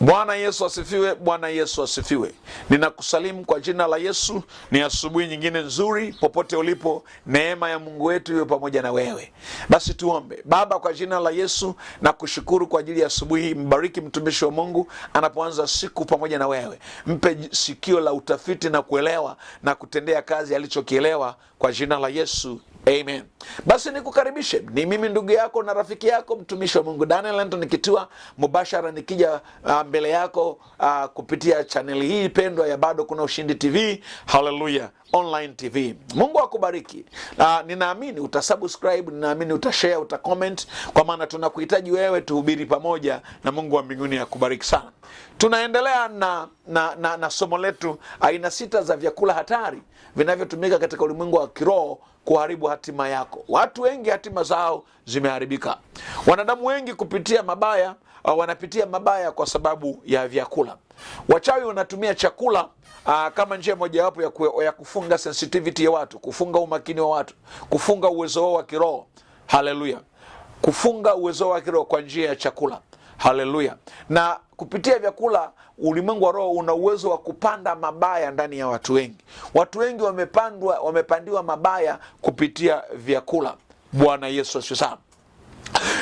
Bwana Yesu asifiwe! Bwana Yesu asifiwe! Ninakusalimu kwa jina la Yesu. Ni asubuhi nyingine nzuri, popote ulipo, neema ya Mungu wetu iwe pamoja na wewe. Basi tuombe. Baba, kwa jina la Yesu na kushukuru kwa ajili ya asubuhi hii. Mbariki mtumishi wa Mungu anapoanza siku pamoja na wewe, mpe sikio la utafiti na kuelewa na kutendea kazi alichokielewa, kwa jina la Yesu. Amen. Basi nikukaribishe, ni mimi ndugu yako na rafiki yako mtumishi wa Mungu Daniel Anton Kitua, mubashara nikija uh, mbele yako uh, kupitia chaneli hii pendwa ya Bado Kuna Ushindi TV, haleluya online TV. Mungu akubariki. Uh, ninaamini utasubscribe, ninaamini utashare, utacomment, kwa maana tunakuhitaji wewe, tuhubiri pamoja, na Mungu wa mbinguni akubariki sana. Tunaendelea na na, na, na somo letu aina sita za vyakula hatari vinavyotumika katika ulimwengu wa kiroho kuharibu hatima yako. Watu wengi hatima zao zimeharibika. Wanadamu wengi kupitia mabaya uh, wanapitia mabaya kwa sababu ya vyakula. Wachawi wanatumia chakula aa, uh, kama njia mojawapo ya, ya kufunga sensitivity ya watu, kufunga umakini wa watu, kufunga uwezo wao wa kiroho. Haleluya, kufunga uwezo wao wa kiroho kwa njia ya chakula. Haleluya! Na kupitia vyakula, ulimwengu wa roho una uwezo wa kupanda mabaya ndani ya watu wengi. Watu wengi wamepandwa, wamepandiwa mabaya kupitia vyakula. Bwana Yesu asifiwe sana.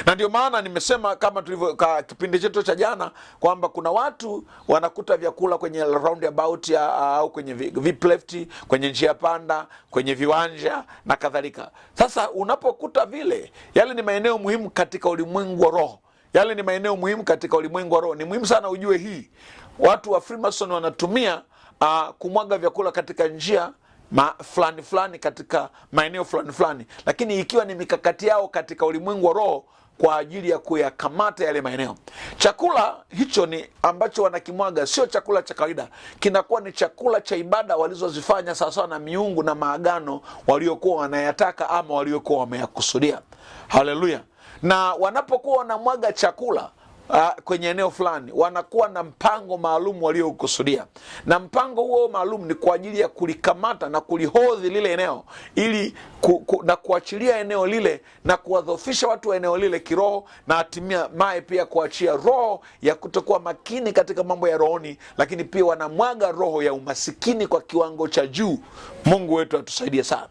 Na ndio maana nimesema kama tulivyo kipindi chetu cha jana kwamba kuna watu wanakuta vyakula kwenye roundabout au kwenye VIP kwenye njia panda, kwenye viwanja na kadhalika. Sasa unapokuta vile, yale ni maeneo muhimu katika ulimwengu wa roho yale ni maeneo muhimu katika ulimwengu wa roho. Ni muhimu sana ujue hii. Watu wa Freemason wanatumia uh, kumwaga vyakula katika njia ma, fulani fulani katika maeneo fulani fulani, lakini ikiwa ni mikakati yao katika ulimwengu wa roho kwa ajili ya kuyakamata yale maeneo. Chakula hicho ni ambacho wanakimwaga sio chakula cha kawaida, kinakuwa ni chakula cha ibada walizozifanya sawasawa na miungu na maagano waliokuwa wanayataka ama waliokuwa wameyakusudia. Haleluya! na wanapokuwa wanamwaga chakula Uh, kwenye eneo fulani wanakuwa na mpango maalum waliokusudia, na mpango huo maalum ni kwa ajili ya kulikamata na kulihodhi lile eneo ili ku, ku, na kuachilia eneo lile na kuwadhofisha watu wa eneo lile kiroho, na hatimia mae pia kuachia roho ya kutokuwa makini katika mambo ya rohoni, lakini pia wanamwaga roho ya umasikini kwa kiwango cha juu. Mungu wetu atusaidie sana.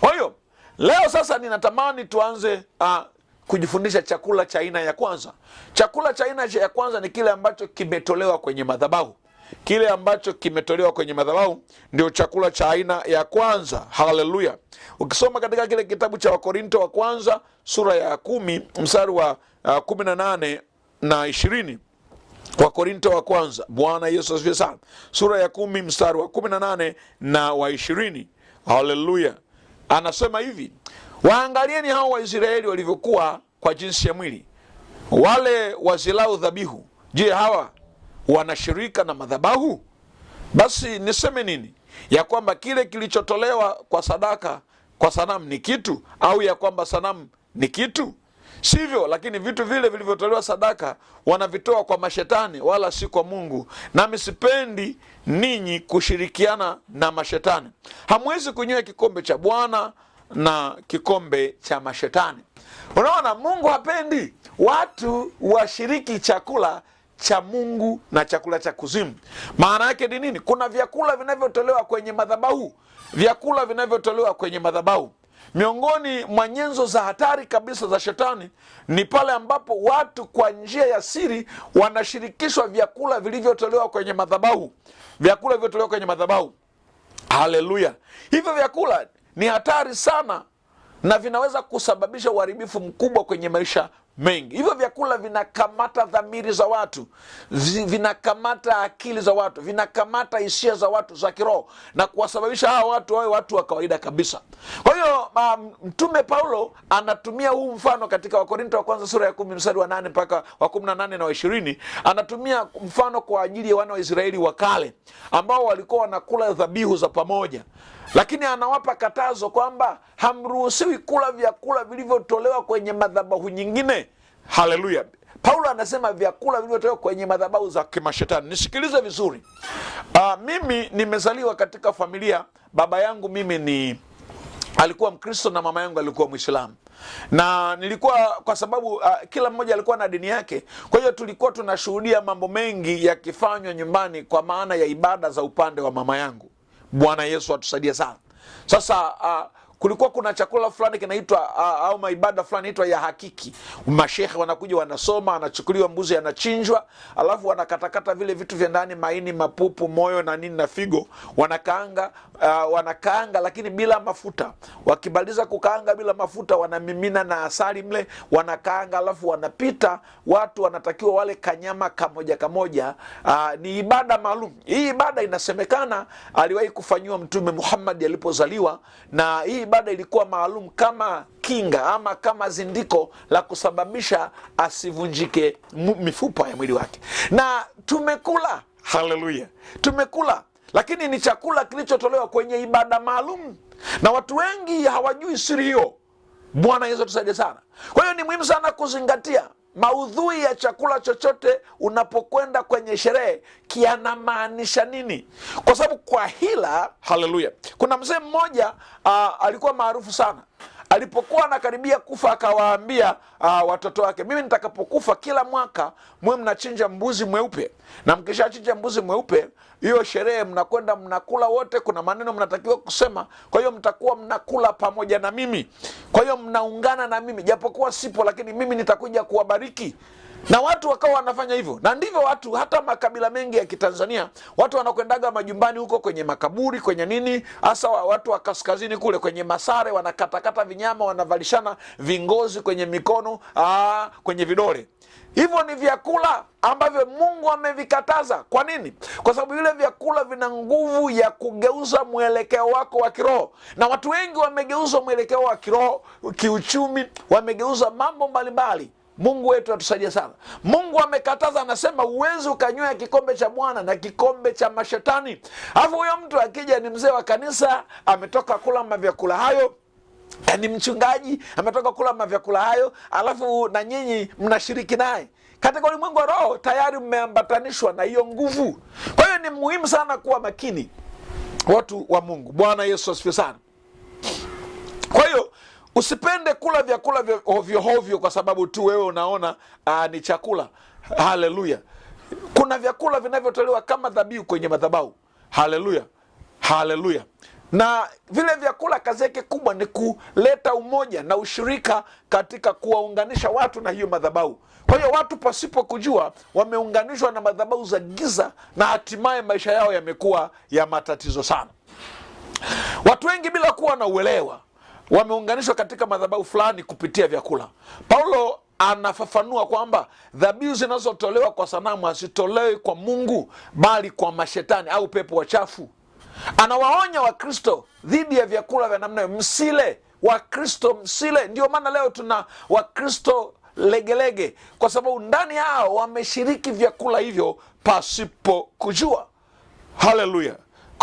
Kwa hiyo leo sasa ninatamani tuanze uh, kujifundisha chakula cha aina ya kwanza. Chakula cha aina ya kwanza ni kile ambacho kimetolewa kwenye madhabahu. Kile ambacho kimetolewa kwenye madhabahu ndio chakula cha aina ya kwanza. Haleluya! Ukisoma katika kile kitabu cha Wakorinto wa kwanza sura ya kumi mstari wa uh, kumi na nane na ishirini Wakorinto wa kwanza, Bwana Yesu asifiwe sana, sura ya kumi mstari wa kumi na nane na wa ishirini Haleluya, anasema hivi Waangalieni hao Waisraeli walivyokuwa kwa jinsi ya mwili, wale wazilau dhabihu. Je, hawa wanashirika na madhabahu? Basi niseme nini? Ya kwamba kile kilichotolewa kwa sadaka kwa sanamu ni kitu, au ya kwamba sanamu ni kitu? Sivyo. Lakini vitu vile vilivyotolewa sadaka wanavitoa kwa mashetani, wala si kwa Mungu. Nami sipendi ninyi kushirikiana na mashetani. Hamwezi kunywa kikombe cha Bwana na kikombe cha mashetani. Unaona, Mungu hapendi watu washiriki chakula cha Mungu na chakula cha kuzimu. Maana yake ni nini? Kuna vyakula vinavyotolewa kwenye madhabahu, vyakula vinavyotolewa kwenye madhabahu. Miongoni mwa nyenzo za hatari kabisa za shetani ni pale ambapo watu kwa njia ya siri wanashirikishwa vyakula vilivyotolewa kwenye madhabahu, vyakula vilivyotolewa kwenye madhabahu. Haleluya! Hivyo vyakula ni hatari sana na vinaweza kusababisha uharibifu mkubwa kwenye maisha mengi. Hivyo vyakula vinakamata dhamiri za watu, vinakamata akili za watu, vinakamata hisia za watu za kiroho na kuwasababisha hawa watu wawe watu wa kawaida kabisa. Kwa hiyo um, Mtume um, Paulo anatumia huu mfano katika Wakorinto wa kwanza sura ya kumi mstari wa nane mpaka wa kumi na nane na wa ishirini. Anatumia mfano kwa ajili ya wana wa Israeli wa kale ambao walikuwa wanakula dhabihu za pamoja lakini anawapa katazo kwamba hamruhusiwi kula vyakula vilivyotolewa kwenye madhabahu nyingine. Haleluya! Paulo anasema vyakula vilivyotolewa kwenye madhabahu za kimashetani. Nisikilize vizuri. Uh, mimi nimezaliwa katika familia, baba yangu mimi ni alikuwa Mkristo na mama yangu alikuwa Mwislamu na nilikuwa kwa sababu uh, kila mmoja alikuwa na dini yake. Kwa hiyo tulikuwa tunashuhudia mambo mengi yakifanywa nyumbani kwa maana ya ibada za upande wa mama yangu. Bwana Yesu atusaidie sana. Sasa uh, kulikuwa kuna chakula fulani kinaitwa au maibada fulani inaitwa ya hakiki. Mashehe wanakuja wanasoma, anachukuliwa mbuzi anachinjwa, alafu wanakatakata vile vitu vya ndani, maini, mapupu, moyo na nini na figo, wanakaanga uh, wanakaanga lakini bila mafuta. Wakibaliza kukaanga bila mafuta, wanamimina na asali mle, wanakaanga alafu wanapita watu, wanatakiwa wale kanyama kamoja kamoja. Uh, ni ibada maalum hii. Ibada inasemekana aliwahi kufanyiwa Mtume Muhammad alipozaliwa na hii ibada ilikuwa maalum kama kinga ama kama zindiko la kusababisha asivunjike mifupa ya mwili wake. Na tumekula, haleluya, tumekula, lakini ni chakula kilichotolewa kwenye ibada maalum, na watu wengi hawajui siri hiyo. Bwana Yesu atusaidie sana. Kwa hiyo ni muhimu sana kuzingatia maudhui ya chakula chochote unapokwenda kwenye sherehe kianamaanisha nini, kwa sababu kwa hila. Haleluya! Kuna mzee mmoja uh, alikuwa maarufu sana Alipokuwa anakaribia kufa akawaambia uh, watoto wake, mimi nitakapokufa, kila mwaka mwe mnachinja mbuzi mweupe, na mkishachinja mbuzi mweupe, hiyo sherehe mnakwenda mnakula wote, kuna maneno mnatakiwa kusema. Kwa hiyo mtakuwa mnakula pamoja na mimi, kwa hiyo mnaungana na mimi, japokuwa sipo, lakini mimi nitakuja kuwabariki na watu wakawa wanafanya hivyo, na ndivyo watu hata makabila mengi ya Kitanzania watu wanakwendaga majumbani huko kwenye makaburi kwenye nini, hasa watu wa kaskazini kule kwenye Masare wanakatakata vinyama, wanavalishana vingozi kwenye mikono aa, kwenye vidole. Hivyo ni vyakula ambavyo Mungu amevikataza. Kwa nini? Kwa sababu vile vyakula vina nguvu ya kugeuza mwelekeo wako wa kiroho, na watu wengi wamegeuza mwelekeo wa kiroho, kiuchumi, wamegeuza mambo mbalimbali. Mungu wetu atusaidie sana. Mungu amekataza, anasema uwezi ukanywea kikombe cha Bwana na kikombe cha mashetani. Alafu huyo mtu akija ni mzee wa kanisa, ametoka kula mavyakula hayo ni mchungaji ametoka kula mavyakula hayo, alafu na nyinyi mnashiriki naye katika ulimwengu wa roho, tayari mmeambatanishwa na hiyo nguvu. Kwa hiyo ni muhimu sana kuwa makini, watu wa Mungu. Bwana Yesu asifiwe sana. Kwa hiyo Usipende kula vyakula vya hovyo hovyo kwa sababu tu wewe unaona aa, ah, ni chakula. Haleluya! Kuna vyakula vinavyotolewa kama dhabihu kwenye madhabahu. Haleluya, haleluya! Na vile vyakula kazi yake kubwa ni kuleta umoja na ushirika katika kuwaunganisha watu na hiyo madhabahu. Kwa hiyo watu pasipo kujua wameunganishwa na madhabahu za giza, na hatimaye maisha yao yamekuwa ya matatizo sana. Watu wengi bila kuwa na uelewa wameunganishwa katika madhabahu fulani kupitia vyakula. Paulo anafafanua kwamba dhabihu zinazotolewa kwa sanamu hazitolewi kwa Mungu bali kwa mashetani au pepo wachafu. Anawaonya Wakristo dhidi ya vyakula vya namna hiyo, msile Wakristo, msile. Ndio maana leo tuna Wakristo legelege, kwa sababu ndani yao wameshiriki vyakula hivyo pasipo kujua. Haleluya!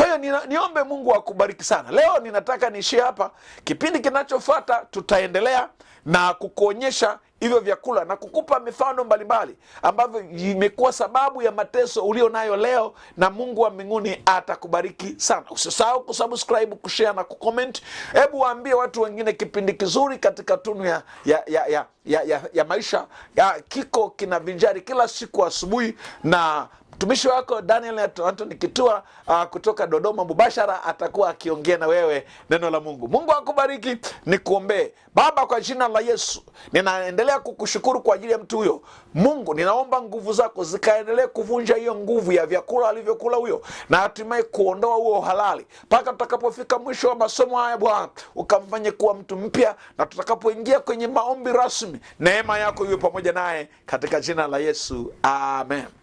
Kwa hiyo niombe Mungu akubariki sana. Leo ninataka niishie hapa. Kipindi kinachofuata tutaendelea na kukuonyesha hivyo vyakula na kukupa mifano mbalimbali ambavyo imekuwa sababu ya mateso ulio nayo leo, na Mungu wa mbinguni atakubariki sana. Usisahau kusubscribe, kushare na kucomment. Hebu waambie watu wengine kipindi kizuri katika tunu ya, ya, ya, ya, ya, ya maisha ya, kiko kinavinjari kila siku asubuhi na Mtumishi wako Daniel Anthony nikitua uh, kutoka Dodoma mubashara atakuwa akiongea na wewe neno la Mungu. Mungu akubariki. Nikuombee. Baba, kwa jina la Yesu ninaendelea kukushukuru kwa ajili ya mtu huyo. Mungu, ninaomba nguvu zako zikaendelee kuvunja hiyo nguvu ya vyakula alivyokula huyo, na hatimaye kuondoa huo uhalali, mpaka tutakapofika mwisho wa masomo haya Bwana, ukamfanye kuwa mtu mpya, na tutakapoingia kwenye maombi rasmi, neema yako iwe pamoja naye katika jina la Yesu, amen.